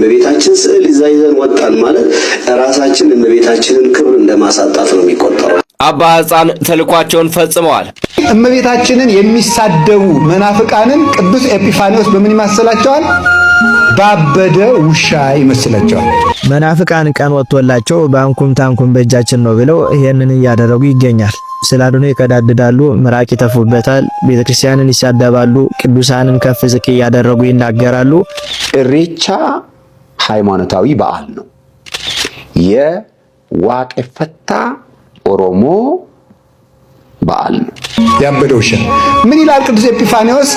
የእመቤታችን ስዕል ይዛ ይዘን ወጣን ማለት ራሳችን እመቤታችንን ክብር እንደማሳጣት ነው የሚቆጠረው። አባ ሕፃን ተልኳቸውን ፈጽመዋል። እመቤታችንን የሚሳደቡ መናፍቃንን ቅዱስ ኤጲፋኒዎስ በምን ይማሰላቸዋል? ባበደ ውሻ ይመስላቸዋል። መናፍቃን ቀን ወጥቶላቸው ባንኩም ታንኩም በእጃችን ነው ብለው ይህንን እያደረጉ ይገኛል። ስላልሆነ ይቀዳድዳሉ፣ ምራቅ ይተፉበታል፣ ቤተክርስቲያንን ይሳደባሉ፣ ቅዱሳንን ከፍ ዝቅ እያደረጉ ይናገራሉ። እሬቻ ሃይማኖታዊ በዓል ነው። የዋቄ ፈታ ኦሮሞ በዓል ነው። ያበደ ውሻ ምን ይላል? ቅዱስ ኤጲፋኒዎስ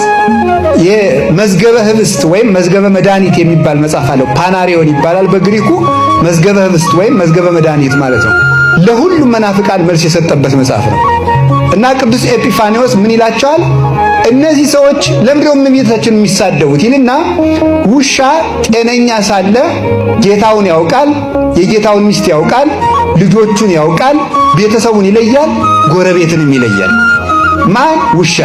የመዝገበ ህብስት ወይም መዝገበ መድኃኒት የሚባል መጽሐፍ አለው። ፓናሪዮን ይባላል በግሪኩ። መዝገበ ህብስት ወይም መዝገበ መድኃኒት ማለት ነው። ለሁሉም መናፍቃን መልስ የሰጠበት መጽሐፍ ነው እና ቅዱስ ኤጲፋኒዎስ ምን ይላቸዋል? እነዚህ ሰዎች ለምንድነው እመቤታችን የሚሳደቡት ይልና ውሻ ጤነኛ ሳለ ጌታውን ያውቃል፣ የጌታውን ሚስት ያውቃል፣ ልጆቹን ያውቃል፣ ቤተሰቡን ይለያል፣ ጎረቤትንም ይለያል። ማን ውሻ።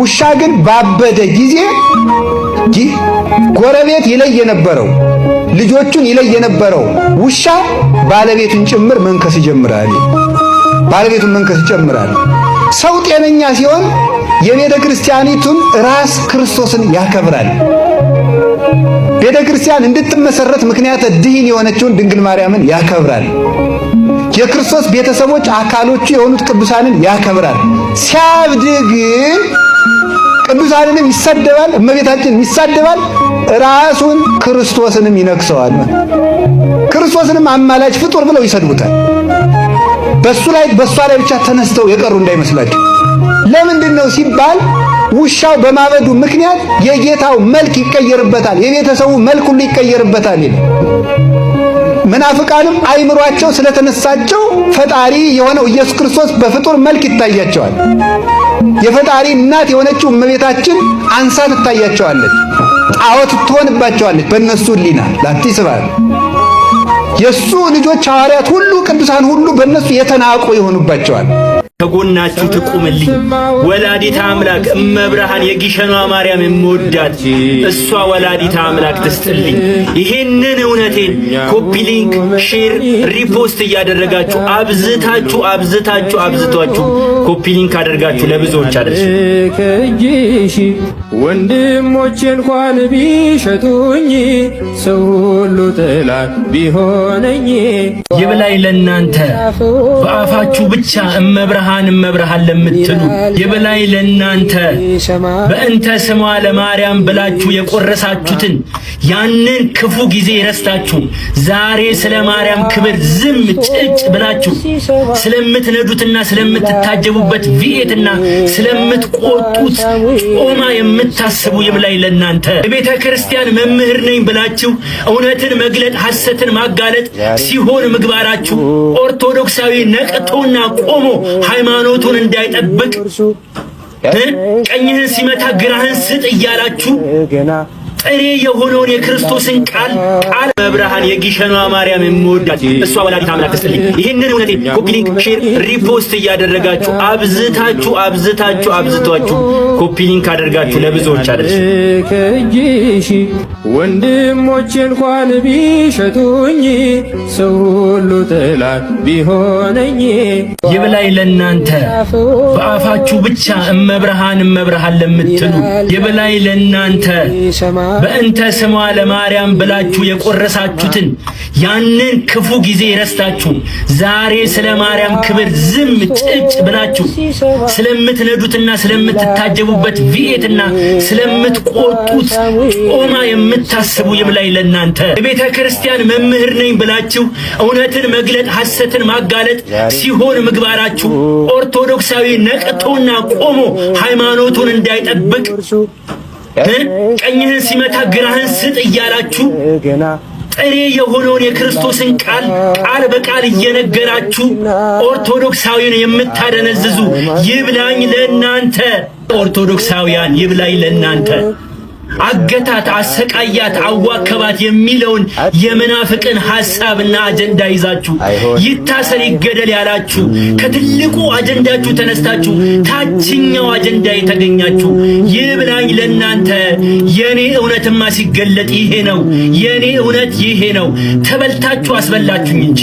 ውሻ ግን ባበደ ጊዜ ጎረቤት ይለይ የነበረው ልጆቹን ይለይ የነበረው ውሻ ባለቤቱን ጭምር መንከስ ይጀምራል። ባለቤቱን መንከስ ይጀምራል። ሰው ጤነኛ ሲሆን የቤተ ክርስቲያኒቱን ራስ ክርስቶስን ያከብራል። ቤተ ክርስቲያን እንድትመሰረት ምክንያት ድህን የሆነችውን ድንግል ማርያምን ያከብራል። የክርስቶስ ቤተሰቦች አካሎቹ የሆኑት ቅዱሳንን ያከብራል። ሲያብድ ግን ቅዱሳንንም ይሳደባል፣ እመቤታችንም ይሳደባል፣ ራሱን ክርስቶስንም ይነክሰዋል። ክርስቶስንም አማላጅ ፍጡር ብለው ይሰድቡታል። በሱ ላይ በሷ ላይ ብቻ ተነስተው የቀሩ እንዳይመስላቸው ለምንድን ነው ሲባል ውሻው በማበዱ ምክንያት የጌታው መልክ ይቀየርበታል፣ የቤተሰቡ መልክ ሁሉ ይቀየርበታል ይላል። ምናፍቃንም አይምሯቸው ስለተነሳቸው ፈጣሪ የሆነው ኢየሱስ ክርስቶስ በፍጡር መልክ ይታያቸዋል። የፈጣሪ እናት የሆነችው እመቤታችን አንሳ ትታያቸዋለች፣ ጣዖት ትሆንባቸዋለች። በእነሱ ሊና ላንቲ ስባል የእሱ ልጆች ሐዋርያት ሁሉ ቅዱሳን ሁሉ በእነሱ የተናቁ ይሆኑባቸዋል። ከጎናችሁ ትቁምልኝ ወላዲታ አምላክ እመብርሃን የግሸኗ ማርያም የምወዳት እሷ ወላዲታ አምላክ ትስጥልኝ። ይሄንን እውነቴን ኮፒ ሊንክ፣ ሼር፣ ሪፖስት እያደረጋችሁ አብዝታችሁ አብዝታችሁ አብዝታችሁ ኮፒ ሊንክ አደርጋችሁ ለብዙዎች አድርሱ። ወንድሞች እንኳን ቢሸጡኝ ሰው ሁሉ ጥላት ቢሆነኝ ይብላኝ ለእናንተ በአፋችሁ ብቻ እመብርሃን ብርሃን መብርሃን ለምትሉ የበላይ ለእናንተ በእንተ ስሟ ለማርያም ብላችሁ የቆረሳችሁትን ያንን ክፉ ጊዜ ረስታችሁ ዛሬ ስለ ማርያም ክብር ዝም ጭጭ ብላችሁ ስለምትነዱትና ስለምትታጀቡበት ቪኤትና ስለምትቆጡት ጮማ የምታስቡ የበላይ ለእናንተ የቤተ ክርስቲያን መምህር ነኝ ብላችሁ እውነትን መግለጥ ሐሰትን ማጋለጥ ሲሆን ምግባራችሁ ኦርቶዶክሳዊ ነቅቶና ቆሞ ሃይማኖቱን እንዳይጠብቅ ቀኝህን ሲመታ ግራህን ስጥ እያላችሁ ጥሬ የሆነውን የክርስቶስን ቃል ቃል በብርሃን የግሸኗ ማርያም የምወዳት እሷ ወላዲት አምላክ ትስጥልኝ። ይህንን እውነቴ ኮፒ ሊንክ፣ ሼር፣ ሪፖስት እያደረጋችሁ አብዝታችሁ አብዝታችሁ አብዝቷችሁ ኮፒ ሊንክ አደርጋችሁ ለብዙዎች አደርሽ። ወንድሞች እንኳን ቢሸቱኝ ሰው ሁሉ ጥላት ቢሆነኝ ይብላኝ ለእናንተ በአፋችሁ ብቻ እመብርሃን እመብርሃን ለምትሉ ይብላኝ ለእናንተ በእንተ ስሟ ለማርያም ብላችሁ የቆረሳችሁትን ያንን ክፉ ጊዜ ረስታችሁ ዛሬ ስለ ማርያም ክብር ዝም ጭጭ ብላችሁ ስለምትነዱትና ስለምትታጀቡበት ቪኤትና ስለምትቆጡት ጮማ የምታስቡ ይብላኝ ለእናንተ። የቤተ ክርስቲያን መምህር ነኝ ብላችሁ እውነትን መግለጥ ሐሰትን ማጋለጥ ሲሆን ምግባራችሁ ኦርቶዶክሳዊ ነቅቶና ቆሞ ሃይማኖቱን እንዳይጠብቅ ቀኝህን ሲመታ ግራህን ስጥ እያላችሁ ጥሬ የሆነውን የክርስቶስን ቃል ቃል በቃል እየነገራችሁ ኦርቶዶክሳዊን የምታደነዝዙ ይብላኝ ለእናንተ ኦርቶዶክሳውያን፣ ይብላኝ ለእናንተ። አገታት፣ አሰቃያት፣ አዋከባት የሚለውን የመናፍቅን ሐሳብና አጀንዳ ይዛችሁ ይታሰር ይገደል ያላችሁ ከትልቁ አጀንዳችሁ ተነስታችሁ ታችኛው አጀንዳ የተገኛችሁ ይህ ብላኝ ለናንተ። የኔ እውነትማ ሲገለጥ ይሄ ነው። የኔ እውነት ይሄ ነው። ተበልታችሁ አስበላችሁኝ እንጂ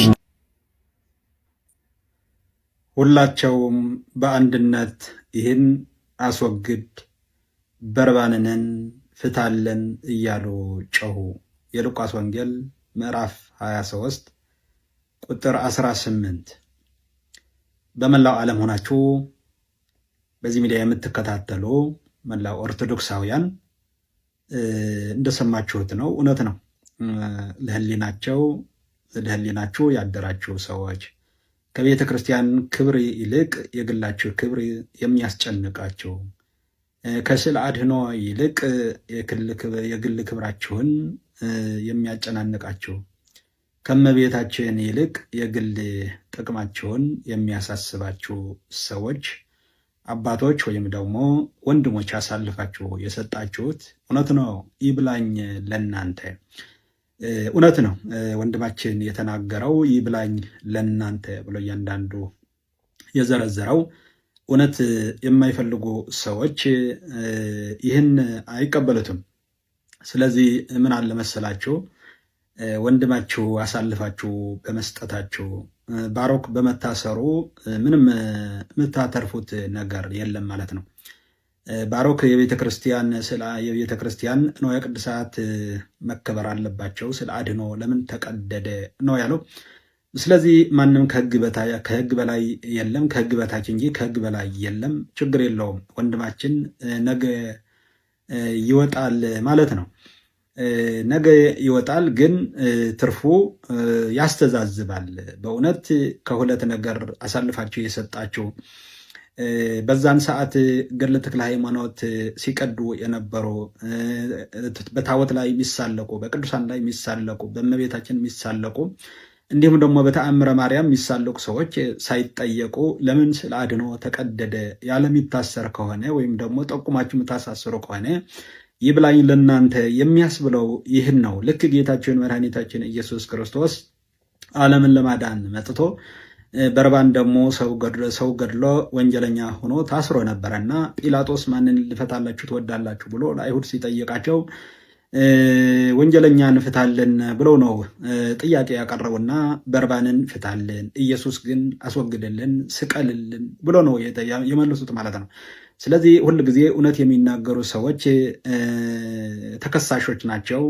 ሁላቸውም በአንድነት ይህን አስወግድ በርባንንን ፍታለን እያሉ ጮሁ። የሉቃስ ወንጌል ምዕራፍ 23 ቁጥር 18። በመላው ዓለም ሆናችሁ በዚህ ሚዲያ የምትከታተሉ መላው ኦርቶዶክሳውያን እንደሰማችሁት ነው፣ እውነት ነው። ለህሊናቸው ለህሊናችሁ ያደራችሁ ሰዎች ከቤተ ክርስቲያን ክብር ይልቅ የግላችሁ ክብር የሚያስጨንቃችሁ ከስዕል አድህኖ ይልቅ የግል ክብራችሁን የሚያጨናንቃችሁ ከመቤታችን ይልቅ የግል ጥቅማችሁን የሚያሳስባችሁ ሰዎች አባቶች ወይም ደግሞ ወንድሞች አሳልፋችሁ የሰጣችሁት እውነት ነው። ይብላኝ ለእናንተ እውነት ነው። ወንድማችን የተናገረው ይብላኝ ለእናንተ ብሎ እያንዳንዱ የዘረዘረው እውነት የማይፈልጉ ሰዎች ይህን አይቀበሉትም። ስለዚህ ምን አለ መሰላችሁ ወንድማችሁ አሳልፋችሁ በመስጠታችሁ ባሮክ በመታሰሩ ምንም የምታተርፉት ነገር የለም ማለት ነው። ባሮክ የቤተ ክርስቲያን ስለ የቤተ ክርስቲያን ንዋየ ቅድሳት መከበር አለባቸው። ስለ አድኖ ለምን ተቀደደ ነው ያለው። ስለዚህ ማንም ከህግ በላይ የለም፣ ከህግ በታች እንጂ ከህግ በላይ የለም። ችግር የለውም። ወንድማችን ነገ ይወጣል ማለት ነው። ነገ ይወጣል፣ ግን ትርፉ ያስተዛዝባል። በእውነት ከሁለት ነገር አሳልፋችሁ የሰጣችሁ በዛን ሰዓት ገድለ ተክለ ሃይማኖት ሲቀዱ የነበሩ በታወት ላይ የሚሳለቁ፣ በቅዱሳን ላይ የሚሳለቁ፣ በእመቤታችን የሚሳለቁ እንዲሁም ደግሞ በተአምረ ማርያም የሚሳለቁ ሰዎች ሳይጠየቁ ለምን ስለ አድኖ ተቀደደ ያለ የሚታሰር ከሆነ ወይም ደግሞ ጠቁማችሁ የምታሳስሩ ከሆነ ይብላኝ ለእናንተ የሚያስብለው ይህን ነው። ልክ ጌታችን መድኃኒታችን ኢየሱስ ክርስቶስ ዓለምን ለማዳን መጥቶ በርባን ደግሞ ሰው ገድሎ ወንጀለኛ ሆኖ ታስሮ ነበረና ጲላጦስ ማንን ልፈታላችሁ ትወዳላችሁ ብሎ ለአይሁድ ሲጠይቃቸው ወንጀለኛ እንፍታለን ብለው ነው ጥያቄ ያቀረቡና በርባንን ፍታልን፣ ኢየሱስ ግን አስወግድልን፣ ስቀልልን ብሎ ነው የመለሱት ማለት ነው። ስለዚህ ሁል ጊዜ እውነት የሚናገሩ ሰዎች ተከሳሾች ናቸው።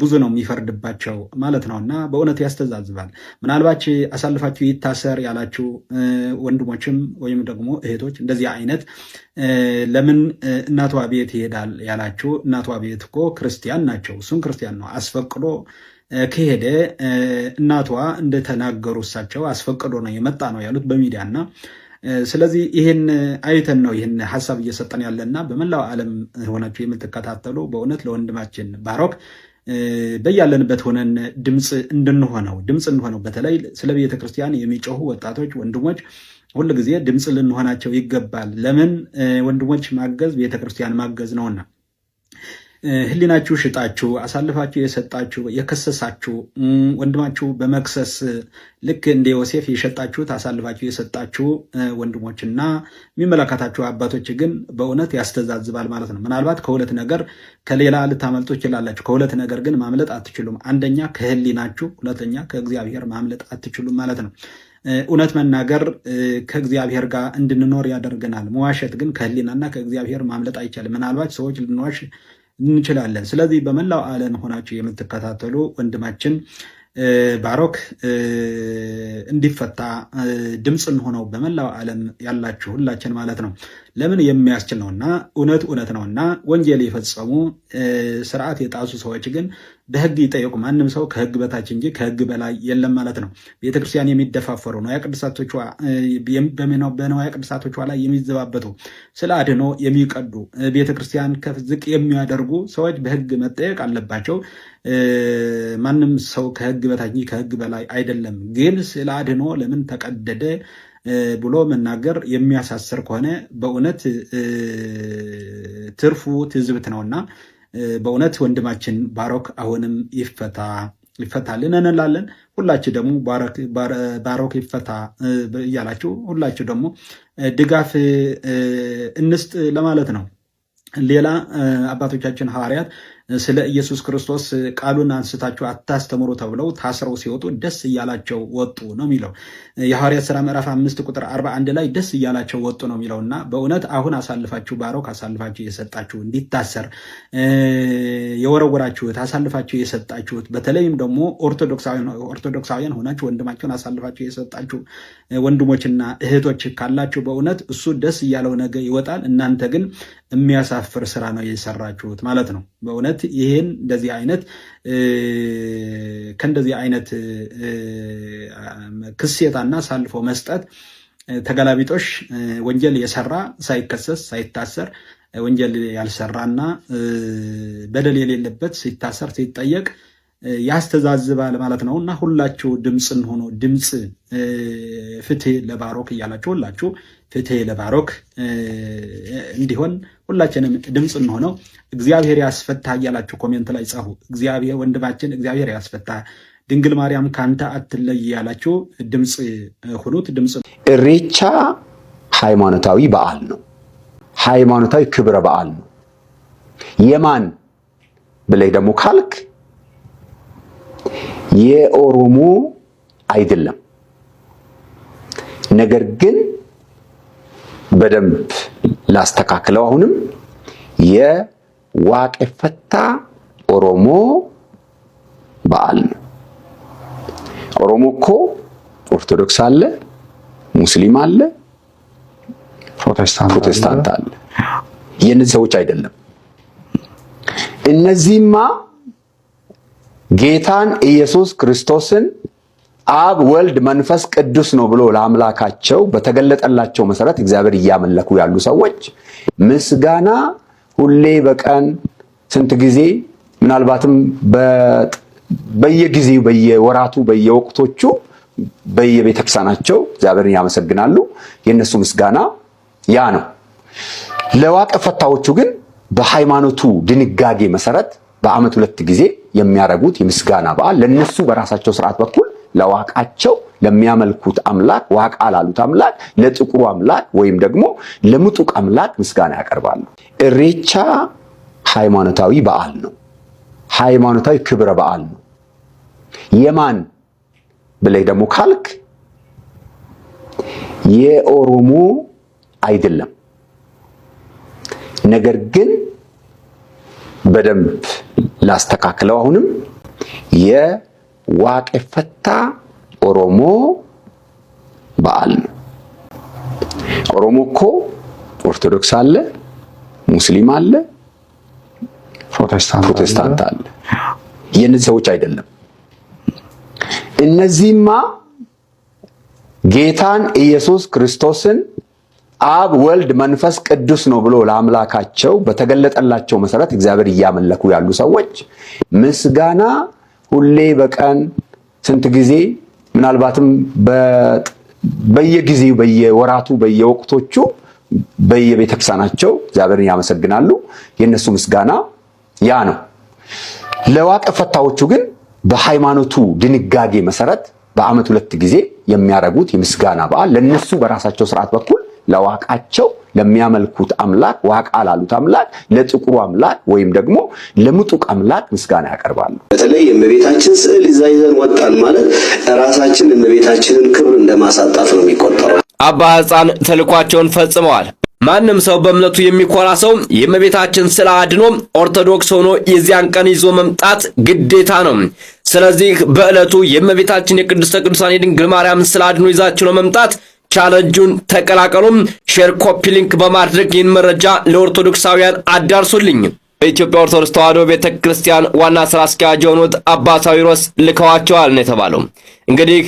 ብዙ ነው የሚፈርድባቸው ማለት ነው። እና በእውነት ያስተዛዝባል። ምናልባች አሳልፋችሁ ይታሰር ያላችሁ ወንድሞችም ወይም ደግሞ እህቶች እንደዚህ አይነት ለምን እናቷ ቤት ይሄዳል ያላችሁ፣ እናቷ ቤት እኮ ክርስቲያን ናቸው። እሱም ክርስቲያን ነው አስፈቅዶ ከሄደ እናቷ እንደተናገሩ እሳቸው አስፈቅዶ ነው የመጣ ነው ያሉት በሚዲያ እና ስለዚህ ይህን አይተን ነው ይህን ሀሳብ እየሰጠን ያለና በመላው ዓለም ሆናችሁ የምትከታተሉ በእውነት ለወንድማችን ባሮክ በያለንበት ሆነን ድምፅ እንድንሆነው ድምፅ እንሆነው። በተለይ ስለ ቤተክርስቲያን የሚጮሁ ወጣቶች ወንድሞች ጊዜ ድምፅ ልንሆናቸው ይገባል። ለምን? ወንድሞች ማገዝ ቤተክርስቲያን ማገዝ ነውና። ህሊናችሁ ሽጣችሁ አሳልፋችሁ የሰጣችሁ የከሰሳችሁ ወንድማችሁ በመክሰስ ልክ እንደ ዮሴፍ የሸጣችሁት አሳልፋችሁ የሰጣችሁ ወንድሞችና የሚመለከታችሁ አባቶች ግን በእውነት ያስተዛዝባል ማለት ነው። ምናልባት ከሁለት ነገር ከሌላ ልታመልጡ ትችላላችሁ። ከሁለት ነገር ግን ማምለጥ አትችሉም። አንደኛ ከህሊናችሁ፣ ሁለተኛ ከእግዚአብሔር ማምለጥ አትችሉም ማለት ነው። እውነት መናገር ከእግዚአብሔር ጋር እንድንኖር ያደርገናል። መዋሸት ግን ከህሊናና ከእግዚአብሔር ማምለጥ አይቻልም። ምናልባት ሰዎች ልንዋሽ እንችላለን። ስለዚህ በመላው ዓለም ሆናችሁ የምትከታተሉ ወንድማችን ባሮክ እንዲፈታ ድምፅ እንሆነው። በመላው ዓለም ያላችሁ ሁላችን ማለት ነው። ለምን የሚያስችል ነውና እውነት እውነት ነውና። ወንጀል የፈጸሙ ስርዓት የጣሱ ሰዎች ግን በህግ ይጠየቁ። ማንም ሰው ከህግ በታች እንጂ ከህግ በላይ የለም ማለት ነው። ቤተክርስቲያን የሚደፋፈሩ በንዋያ ቅድሳቶቿ ላይ የሚዘባበቱ ስለ አድኖ የሚቀዱ ቤተክርስቲያን ከፍ ዝቅ የሚያደርጉ ሰዎች በህግ መጠየቅ አለባቸው። ማንም ሰው ከህግ በታች እንጂ ከህግ በላይ አይደለም። ግን ስለ አድኖ ለምን ተቀደደ ብሎ መናገር የሚያሳስር ከሆነ በእውነት ትርፉ ትዝብት ነውና በእውነት ወንድማችን ባሮክ አሁንም ይፈታ ይፈታልን እንላለን። ሁላችሁ ደግሞ ባሮክ ይፈታ እያላችሁ ሁላችሁ ደግሞ ድጋፍ እንስጥ ለማለት ነው። ሌላ አባቶቻችን ሐዋርያት ስለ ኢየሱስ ክርስቶስ ቃሉን አንስታችሁ አታስተምሩ ተብለው ታስረው ሲወጡ ደስ እያላቸው ወጡ ነው የሚለው የሐዋርያት ሥራ ምዕራፍ አምስት ቁጥር አርባ አንድ ላይ ደስ እያላቸው ወጡ ነው የሚለው እና በእውነት አሁን አሳልፋችሁ ባሮክ አሳልፋችሁ የሰጣችሁ እንዲታሰር የወረወራችሁት አሳልፋችሁ የሰጣችሁት በተለይም ደግሞ ኦርቶዶክሳውያን ሆናችሁ ወንድማቸውን አሳልፋችሁ የሰጣችሁ ወንድሞችና እህቶች ካላችሁ በእውነት እሱ ደስ እያለው ነገ ይወጣል። እናንተ ግን የሚያሳፍር ስራ ነው የሰራችሁት ማለት ነው በእውነት ማለት ይሄን እንደዚህ አይነት ከእንደዚህ አይነት ክሴታና አሳልፎ መስጠት ተገላቢጦሽ ወንጀል የሰራ ሳይከሰስ ሳይታሰር ወንጀል ያልሰራና በደል የሌለበት ሲታሰር ሲጠየቅ ያስተዛዝባል ማለት ነው። እና ሁላችሁ ድምፅን ሆኖ ድምፅ ፍትህ ለባሮክ እያላችሁ ሁላችሁ ፍትህ ለባሮክ እንዲሆን ሁላችንም ድምፅ እንሆነው። እግዚአብሔር ያስፈታ እያላችሁ ኮሜንት ላይ ጻፉ። እግዚአብሔር ወንድማችን እግዚአብሔር ያስፈታ፣ ድንግል ማርያም ካንተ አትለይ እያላችሁ ድምፅ ሁኑት። ድምፅ እሬቻ ሃይማኖታዊ በዓል ነው። ሃይማኖታዊ ክብረ በዓል ነው። የማን ብለህ ደግሞ ካልክ የኦሮሞ አይደለም። ነገር ግን በደንብ ላስተካክለው። አሁንም የዋቄ ፈታ ኦሮሞ በዓል ነው። ኦሮሞ እኮ ኦርቶዶክስ አለ፣ ሙስሊም አለ፣ ፕሮቴስታንት አለ። የእነዚህ ሰዎች አይደለም። እነዚህማ ጌታን ኢየሱስ ክርስቶስን አብ ወልድ መንፈስ ቅዱስ ነው ብሎ ለአምላካቸው በተገለጠላቸው መሰረት እግዚአብሔር እያመለኩ ያሉ ሰዎች ምስጋና ሁሌ በቀን ስንት ጊዜ ምናልባትም በየጊዜው በየወራቱ በየወቅቶቹ በየቤተክርስቲያናቸው እግዚአብሔርን ያመሰግናሉ። የእነሱ ምስጋና ያ ነው። ለዋቀ ፈታዎቹ ግን በሃይማኖቱ ድንጋጌ መሰረት በዓመት ሁለት ጊዜ የሚያደርጉት የምስጋና በዓል ለእነሱ በራሳቸው ስርዓት በኩል ለዋቃቸው ለሚያመልኩት አምላክ ዋቃ ላሉት አምላክ ለጥቁሩ አምላክ ወይም ደግሞ ለምጡቅ አምላክ ምስጋና ያቀርባሉ። እሬቻ ሃይማኖታዊ በዓል ነው። ሃይማኖታዊ ክብረ በዓል ነው። የማን ብለህ ደግሞ ካልክ የኦሮሞ አይደለም። ነገር ግን በደንብ ላስተካክለው አሁንም ዋቄፈታ ኦሮሞ በዓል ነው። ኦሮሞ እኮ ኦርቶዶክስ አለ፣ ሙስሊም አለ፣ ፕሮቴስታንት አለ። የእነዚህ ሰዎች አይደለም። እነዚህማ ጌታን ኢየሱስ ክርስቶስን አብ ወልድ መንፈስ ቅዱስ ነው ብሎ ለአምላካቸው በተገለጠላቸው መሰረት እግዚአብሔር እያመለኩ ያሉ ሰዎች ምስጋና ሁሌ በቀን ስንት ጊዜ ምናልባትም በየጊዜው በየወራቱ በየወቅቶቹ በየቤተክርስቲያናቸው እግዚአብሔርን ያመሰግናሉ። የእነሱ ምስጋና ያ ነው። ለዋቀ ፈታዎቹ ግን በሃይማኖቱ ድንጋጌ መሰረት በአመት ሁለት ጊዜ የሚያደርጉት የምስጋና በዓል ለእነሱ በራሳቸው ስርዓት በኩል ለዋቃቸው ለሚያመልኩት አምላክ ዋቃ ላሉት አምላክ ለጥቁሩ አምላክ ወይም ደግሞ ለምጡቅ አምላክ ምስጋና ያቀርባሉ። በተለይ የእመቤታችን ስዕል ይዛ ይዘን ወጣን ማለት ራሳችን እመቤታችንን ክብር እንደማሳጣት ነው የሚቆጠረው። አባ ሕፃን ተልኳቸውን ፈጽመዋል። ማንም ሰው በእምነቱ የሚኮራ ሰው የእመቤታችን ስዕል አድኖ ኦርቶዶክስ ሆኖ የዚያን ቀን ይዞ መምጣት ግዴታ ነው። ስለዚህ በዕለቱ የእመቤታችን የቅድስተ ቅዱሳን የድንግል ማርያም ስዕል አድኖ ይዛችሁ ነው መምጣት ቻለንጁን ተቀላቀሉም። ሼር ኮፒ ሊንክ በማድረግ ይህን መረጃ ለኦርቶዶክሳውያን አዳርሱልኝ። በኢትዮጵያ ኦርቶዶክስ ተዋሕዶ ቤተ ክርስቲያን ዋና ስራ አስኪያጅ የሆኑት አባ ሳዊሮስ ልከዋቸዋል ነው የተባለው። እንግዲህ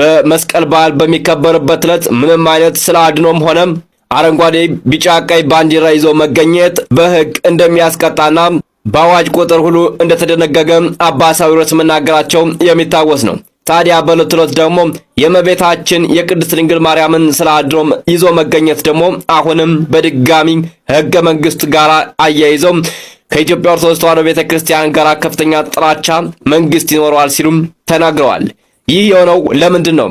በመስቀል በዓል በሚከበርበት ዕለት ምንም አይነት ስለ አድኖም ሆነም አረንጓዴ፣ ቢጫ፣ ቀይ ባንዲራ ይዞ መገኘት በህግ እንደሚያስቀጣና በአዋጅ ቁጥር ሁሉ እንደተደነገገ አባ ሳዊሮስ መናገራቸው የሚታወስ ነው። ታዲያ በዕለቱ ዕለት ደግሞ የእመቤታችን የቅድስት ድንግል ማርያምን ስለ አድሮም ይዞ መገኘት ደግሞ አሁንም በድጋሚ ህገ መንግስት ጋር አያይዘው ከኢትዮጵያ ኦርቶዶክስ ተዋሕዶ ቤተ ክርስቲያን ጋር ከፍተኛ ጥላቻ መንግስት ይኖረዋል ሲሉም ተናግረዋል። ይህ የሆነው ለምንድን ነው?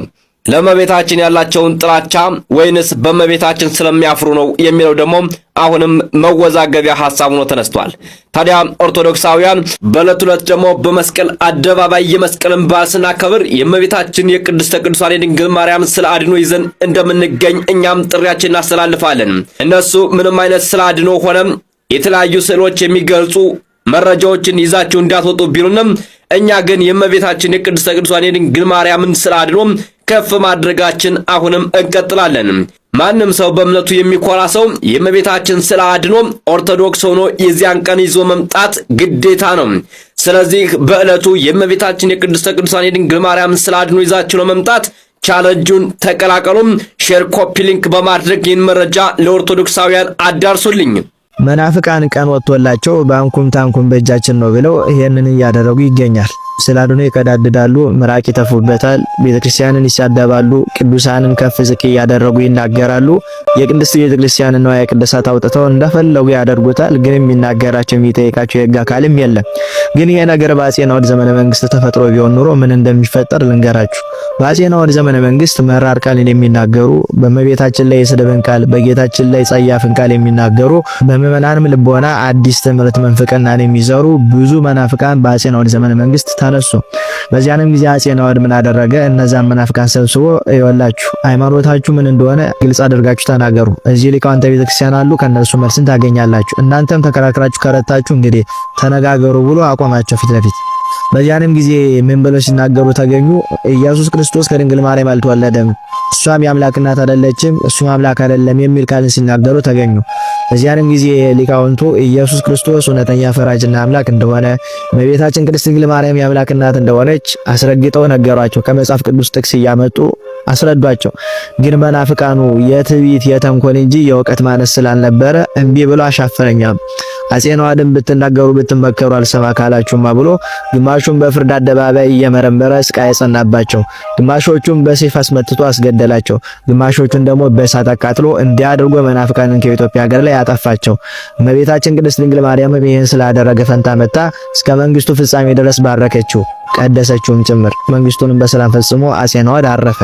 ለእመቤታችን ያላቸውን ጥላቻ ወይንስ በእመቤታችን ስለሚያፍሩ ነው የሚለው ደግሞ አሁንም መወዛገቢያ ሐሳብ ሆኖ ተነስቷል። ታዲያ ኦርቶዶክሳውያን በዕለት ዕለት ደግሞ በመስቀል አደባባይ የመስቀልን በዓል ስናከብር የእመቤታችን የቅድስተ ቅዱሳን የድንግል ማርያም ስለ አድኖ ይዘን እንደምንገኝ እኛም ጥሪያችን እናስተላልፋለን። እነሱ ምንም አይነት ስለ አድኖ ሆነም የተለያዩ ስዕሎች የሚገልጹ መረጃዎችን ይዛችሁ እንዳትወጡ ቢሉንም እኛ ግን የእመቤታችን የቅድስተ ቅዱሳን የድንግል ማርያምን ስለ አድኖ ከፍ ማድረጋችን አሁንም እንቀጥላለን። ማንም ሰው በእምነቱ የሚኮራ ሰው የእመቤታችን ስለ አድኖ ኦርቶዶክስ ሆኖ የዚያን ቀን ይዞ መምጣት ግዴታ ነው። ስለዚህ በዕለቱ የእመቤታችን የቅድስተ ቅዱሳን የድንግል ማርያም ስለ አድኖ ይዛችሁ ነው መምጣት ቻለንጁን ተቀላቀሉም። ሼር ኮፒ ሊንክ በማድረግ ይህን መረጃ ለኦርቶዶክሳውያን አዳርሱልኝ። መናፍቃን ቀን ወጥቶላቸው ባንኩም ታንኩም በእጃችን ነው ብለው ይህንን እያደረጉ ይገኛል። ስለ አድኖ ይቀዳድዳሉ፣ ምራቅ ይተፉበታል፣ ቤተክርስቲያንን ይሳደባሉ፣ ቅዱሳንን ከፍ ዝቅ እያደረጉ ይናገራሉ። የቅድስት ቤተክርስቲያን ነው የቅድሳት አውጥተው እንደፈለጉ ያደርጉታል። ግን የሚናገራቸው የሚጠይቃቸው የህግ አካልም የለም። ግን ይሄ ነገር በአጼ ናኦድ ዘመነ መንግስት ተፈጥሮ ቢሆን ኑሮ ምን እንደሚፈጠር ልንገራችሁ። በአጼ ናኦድ ዘመነ መንግስት መራር ቃልን የሚናገሩ በመቤታችን ላይ የስድብን ቃል፣ በጌታችን ላይ ጸያፍን ቃል የሚናገሩ በምዕመናንም ልቦና አዲስ ትምህርት መንፍቅናን የሚዘሩ ብዙ መናፍቃን በአጼ ናኦድ ዘመነ መንግስት ተነሱ። በዚያንም ጊዜ አጼ ነዋድ ምን አደረገ? እነዛን መናፍቃን ሰብስቦ ይወላችሁ ሃይማኖታችሁ ምን እንደሆነ ግልጽ አድርጋችሁ ተናገሩ። እዚህ ሊቃውንተ ቤተክርስቲያን አሉ፣ ከነሱ መልስን ታገኛላችሁ። እናንተም ተከራክራችሁ ከረታችሁ እንግዲህ ተነጋገሩ ብሎ አቆማቸው ፊት ለፊት በዚያንም ጊዜ ምን ብለው ሲናገሩ ተገኙ? ኢየሱስ ክርስቶስ ከድንግል ማርያም አልተወለደም፣ እሷም የአምላክ እናት አይደለችም፣ እሱም አምላክ አይደለም የሚል ቃልን ሲናገሩ ተገኙ። በዚያንም ጊዜ ሊቃውንቱ ኢየሱስ ክርስቶስ እውነተኛ ፈራጅና አምላክ እንደሆነ እመቤታችን ቅድስት ድንግል ማርያም የአምላክ እናት እንደሆነች አስረግጠው ነገሯቸው። ከመጽሐፍ ቅዱስ ጥቅስ እያመጡ አስረዷቸው። ግን መናፍቃኑ የትዕቢት የተንኮል እንጂ የእውቀት ማነስ ስላልነበረ እምቢ ብሎ አሻፈረኛም አጼ ነዋድን ብትናገሩ ብትመከሩ አልሰማ ካላችሁማ ብሎ ግማሹን በፍርድ አደባባይ እየመረመረ ስቃይ ያጸናባቸው፣ ግማሾቹን በሰይፍ አስመትቶ አስገደላቸው፣ ግማሾቹን ደግሞ በእሳት አቃጥሎ እንዲያድርጎ መናፍቃንን ከኢትዮጵያ ሀገር ላይ ያጠፋቸው። እመቤታችን ቅድስት ድንግል ማርያም ይህን ስላደረገ ፈንታ መታ እስከ መንግስቱ ፍጻሜ ድረስ ባረከችው ቀደሰችውም ጭምር። መንግስቱንም በሰላም ፈጽሞ አጼ ነዋድ አረፈ።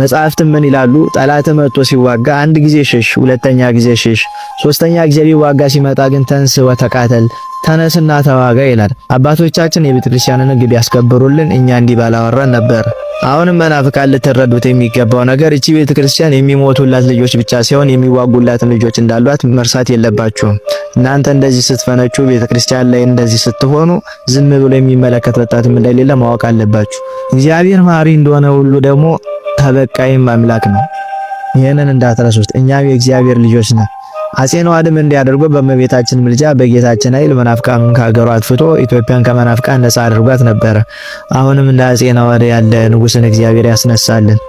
መጽሐፍትም ምን ይላሉ? ጠላት መጥቶ ሲዋጋ አንድ ጊዜ ሽሽ፣ ሁለተኛ ጊዜ ሽሽ፣ ሶስተኛ ጊዜ ቢዋጋ ሲመጣ ግን ተንስ ወተቃተል ተነስና ተዋጋ ይላል። አባቶቻችን የቤተክርስቲያንን ሕግ ቢያስከብሩልን እኛ እንዲህ ባላወራን ነበር። አሁንም መናፍቃን ልትረዱት የሚገባው ነገር እቺ ቤተክርስቲያን የሚሞቱላት ልጆች ብቻ ሳይሆን የሚዋጉላትን ልጆች እንዳሏት መርሳት የለባችሁም። እናንተ እንደዚህ ስትፈነጩ፣ ቤተክርስቲያን ላይ እንደዚህ ስትሆኑ ዝም ብሎ የሚመለከት ወጣትም እንደሌለ ማወቅ አለባችሁ። እግዚአብሔር ማሪ እንደሆነ ሁሉ ደግሞ ተበቃይም አምላክ ነው። ይህንን እንዳትረሱት። እኛም የእግዚአብሔር ልጆች ነን። አጼ ነዋድም እንዲያደርጎ በእመቤታችን ምልጃ በጌታችን ኃይል መናፍቃንን ከሀገሩ አጥፍቶ ኢትዮጵያን ከመናፍቃን ነጻ አድርጓት ነበረ። አሁንም እንደ አጼ ነዋድ ያለ ንጉሥን እግዚአብሔር ያስነሳልን።